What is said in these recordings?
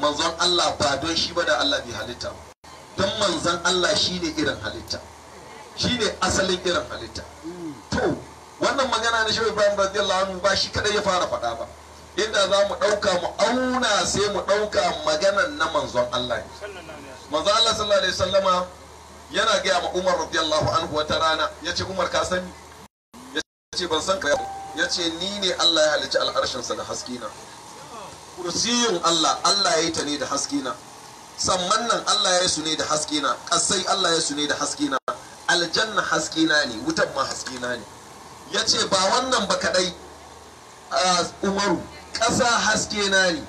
manzon Allah ba don shi ba da Allah bai halitta ba don manzon Allah shi ne irin halitta shi ne asalin irin halitta to wannan magana na shehu ibrahim radiyallahu anhu ba shi kadai ya fara faɗa ba inda za mu ɗauka mu auna sai mu ɗauka maganan na manzon Allah manzon Allah sallallahu alaihi wasallama yana gaya ma Umar radiyallahu anhu wata rana yace Umar ka sani yace ban san ka Ya ce ni ne Allah ya halicci al'arshin sa da haskina kursiyin Allah Allah ya yi ta ne da haske na samman nan Allah ya yi su ne da haske na kasai Allah ya su ne da haske na aljanna haske na ne wutan ma haske na ne ya ce ba wannan ba kadai umaru ƙasa haske na ne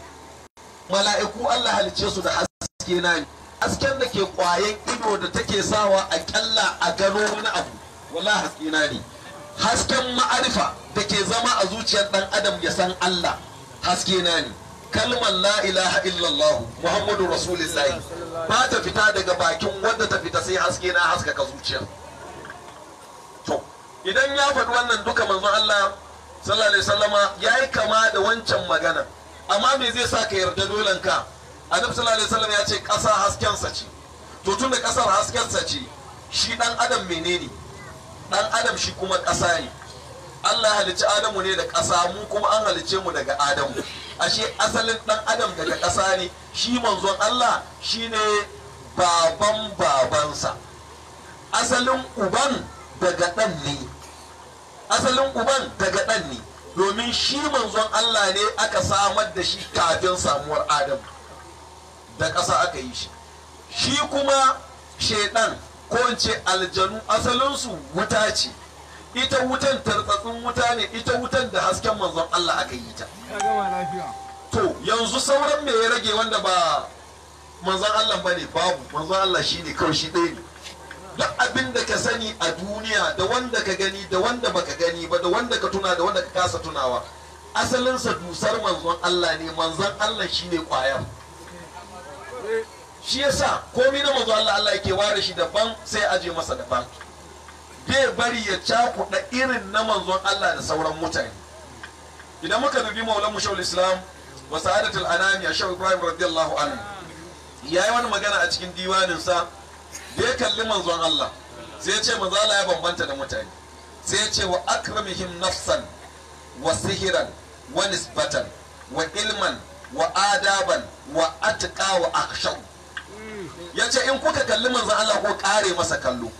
mala'iku Allah halice su da haske na ne hasken da ke ƙwayen ido da take sawa a ƙyalla a gano wani abu wala haske na ne hasken ma'arifa da ke zama a zuciyar ɗan adam ya san Allah haske na ne kalmar la ilaha illallah muhammadu rasulullahi ba ta fita daga bakin wanda ta fita sai haske na haskaka zuciya to idan ya faɗi wannan duka manzon Allah sallallahu alaihi wasallama yayi kama da wancan magana amma me zai sa ka yarda dolan ka annabi sallallahu alaihi wasallam ya ce ƙasa haskensa ce to tun da ƙasar haskensa ce shi dan adam menene dan adam shi kuma ƙasa ne Allah halicci Adamu ne da ƙasa mu kuma an halicce mu daga Adamu ashe asalin dan adam daga ƙasa ne shi manzon Allah shi ne baban babansa asalin uban daga ɗan ne asalin uban daga ɗan ne domin shi manzon Allah ne aka samar da shi kafin samuwar adam da ƙasa aka yi shi shi kuma shaidan ko ce aljanu asalinsu wuta ce ita wutan tartsatsin wuta ne ita wutan da hasken manzon Allah aka yi ta to yanzu sauran me ya rage wanda ba manzon Allah bane babu manzon Allah shine kawai shi ɗaya ne duk abin da ka sani a duniya da wanda ka gani da wanda baka gani ba da wanda ka tuna da wanda ka kasa tunawa asalinsa dusar manzon Allah ne manzon Allah shine kwayar shi yasa komai na manzon Allah Allah yake ware shi daban sai aje masa daban bai bari ya cakuɗa irin na manzon Allah da sauran mutane idan muka dubi maulan mu shaul islam wa sa'adatul anami a shaul ibrahim radiyallahu anhu yi wani magana a cikin diwanin sa bai kalli manzon Allah sai ya ce maza Allah ya bambanta da mutane sai ya ce wa akramihim nafsan wa sihiran wa nisbatan wa ilman wa adaban wa atqa wa Ya ce in kuka kalli manzon Allah ko kare masa kallo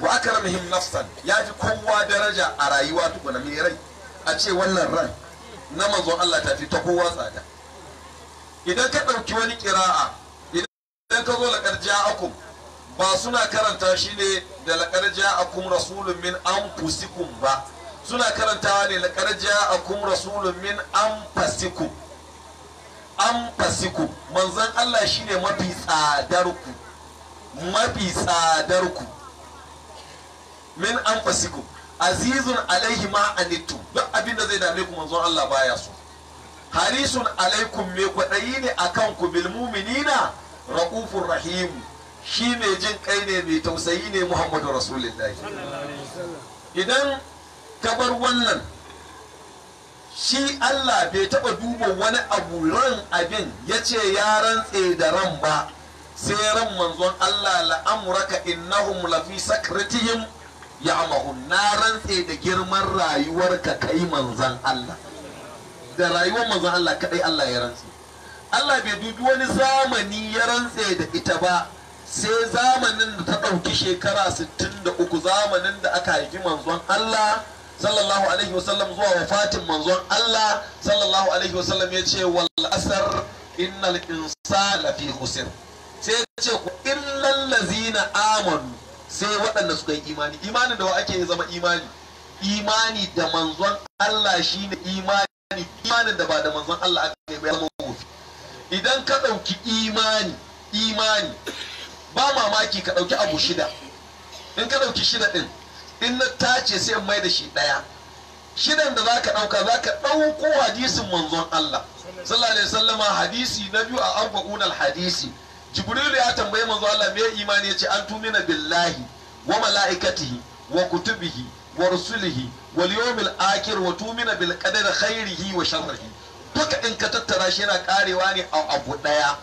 wa akramihim nafsan ya fi kowa daraja a rayuwa tukuna mai rai a ce wannan ran na manzon Allah ta fi ta kowa tsada idan ka ɗauki wani kira'a idan ka zo laƙar ja'akum ba suna karanta shi ne da laƙar ja'akum rasulun min anfusikum ba suna karantawa ne laƙar ja'akum rasulun min an anfasikum manzon Allah shi ne mafi tsadarku, mafi tsadarku. min anfusikum azizun alaihi ma anittu duk abin da zai dame ku manzon Allah baya so harisun alaikum me kwaɗayi ne akan ku bil mu'minina raufur rahim shi mai jin kai ne mai tausayi ne muhammadu rasulullahi idan ka bar wannan shi Allah bai taɓa duba wani abu ran abin ya ce ya rantse da ran ba sai ran manzon Allah la'amuraka innahum lafi sakratihim ya Allahun na rantse da girman rayuwarka kai manzan Allah da rayuwar manzan Allah kadai Allah ya rantse Allah bai dubi wani zamani ya rantse da ita ba sai zamanin da ta ɗauki shekara 63 zamanin da aka haifi manzon Allah sallallahu alaihi wasallam zuwa wafatin manzon Allah sallallahu alaihi wasallam ya ce wal asar innal insana fi khusr sai ya ce ku illal ladzina amanu sai waɗanda suka yi imani imanin da wa ake zama imani imani da manzon Allah shine imani imanin da ba da manzon Allah aka yi ba zama wofi idan ka ɗauki imani imani ba mamaki ka ɗauki abu shida in ka ɗauki shida ɗin in na tace sai in mai da shi ɗaya shidan da zaka ɗauka zaka ɗauko hadisin manzon Allah sallallahu alaihi wasallama hadisi na biyu a arba'un hadisi jibrilu ya tambayi manzo Allah me imani yace an tumina billahi wa malaikatihi wa kutubihi wa rusulihi wa yawmil akhir wa tumina bil qadari khairihi wa sharrihi duka in ka tattara shi yana karewa ne a abu daya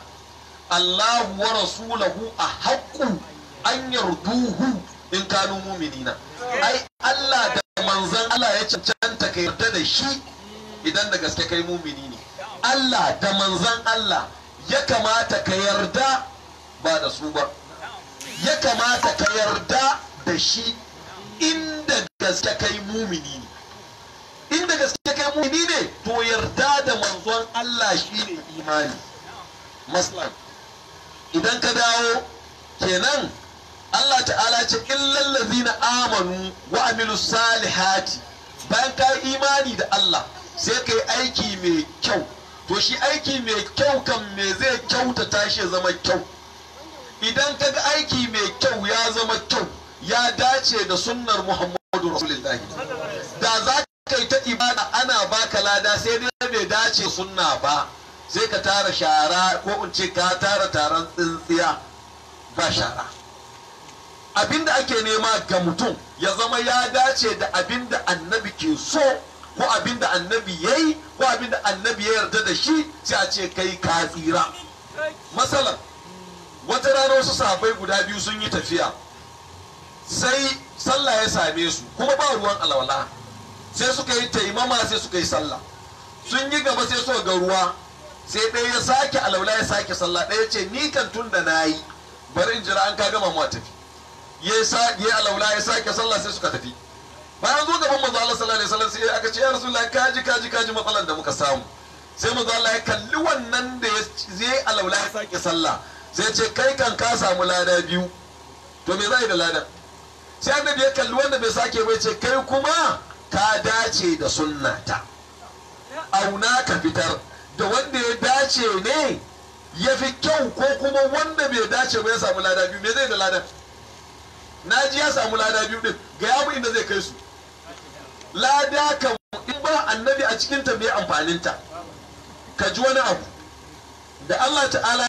Allahu wa rasuluhu a haqqu an yarduhu in kanu mu'minina ai Allah da manzon Allah ya cancanta ka yarda da shi idan da gaske kai mumini ne Allah da manzon Allah ya kamata ka yarda ba da su ba ya kamata ka yarda da shi inda gaske kai mumini ne inda gaske kai mumini ne to yarda da manzon Allah shi ne imani maslan idan ka dawo kenan Allah ta'ala ce illal ladzina amanu wa amilus salihati bayan ka imani da Allah sai kai aiki mai kyau to shi aiki mai kyau kan me zai kyautata shi zama kyau idan ka ga aiki mai kyau ya zama kyau ya dace da sunnar muhammadu rasulullahi da za ka yi ta ibada ana baka lada sai dai bai dace sunna ba sai ka tara shara ko in ce ka tara taron tsintsiya ba shara abinda ake nema ga mutum ya zama ya dace da abinda annabi ke so ko abin da annabi ya yi ko abin da annabi ya yarda da shi sai a ce kai ka tsira matsalar wata rana wasu safai guda biyu sun yi tafiya sai sallah ya same su kuma ba ruwan alwala sai suka yi taimama sai suka yi sallah sun yi gaba sai suka ga ruwa sai ɗaya ya sake alwala ya sake sallah ɗaya ce ni kan tun da na yi bari in jira an ka gama mu tafi ya yi alwala ya sake sallah sai suka tafi bayan zo gaban manzo Allah sallallahu alaihi wasallam sai aka ce ya rasulullah kaji kaji kaji matsalar da muka samu sai manzo Allah ya kalli wannan da ya je alaula ya sake sallah sai ce kai kan ka samu lada biyu to me za yi da lada? sai annabi ya kalli wanda bai sake bai ce kai kuma ka dace da sunnata auna ka fitar da wanda ya dace ne ya fi kyau ko kuma wanda bai dace ba ya samu lada biyu me zai da lada? na ji ya samu lada biyu din ga yamu inda zai kai su lada ka in ba annabi a cikinta mai amfaninta ka ji wani abu da Allah ta'ala